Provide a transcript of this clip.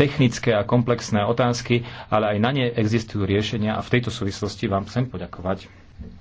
technické a komplexné otázky, ale aj na ne existujú riešenia a v tejto súvislosti vám chcem poďakovať.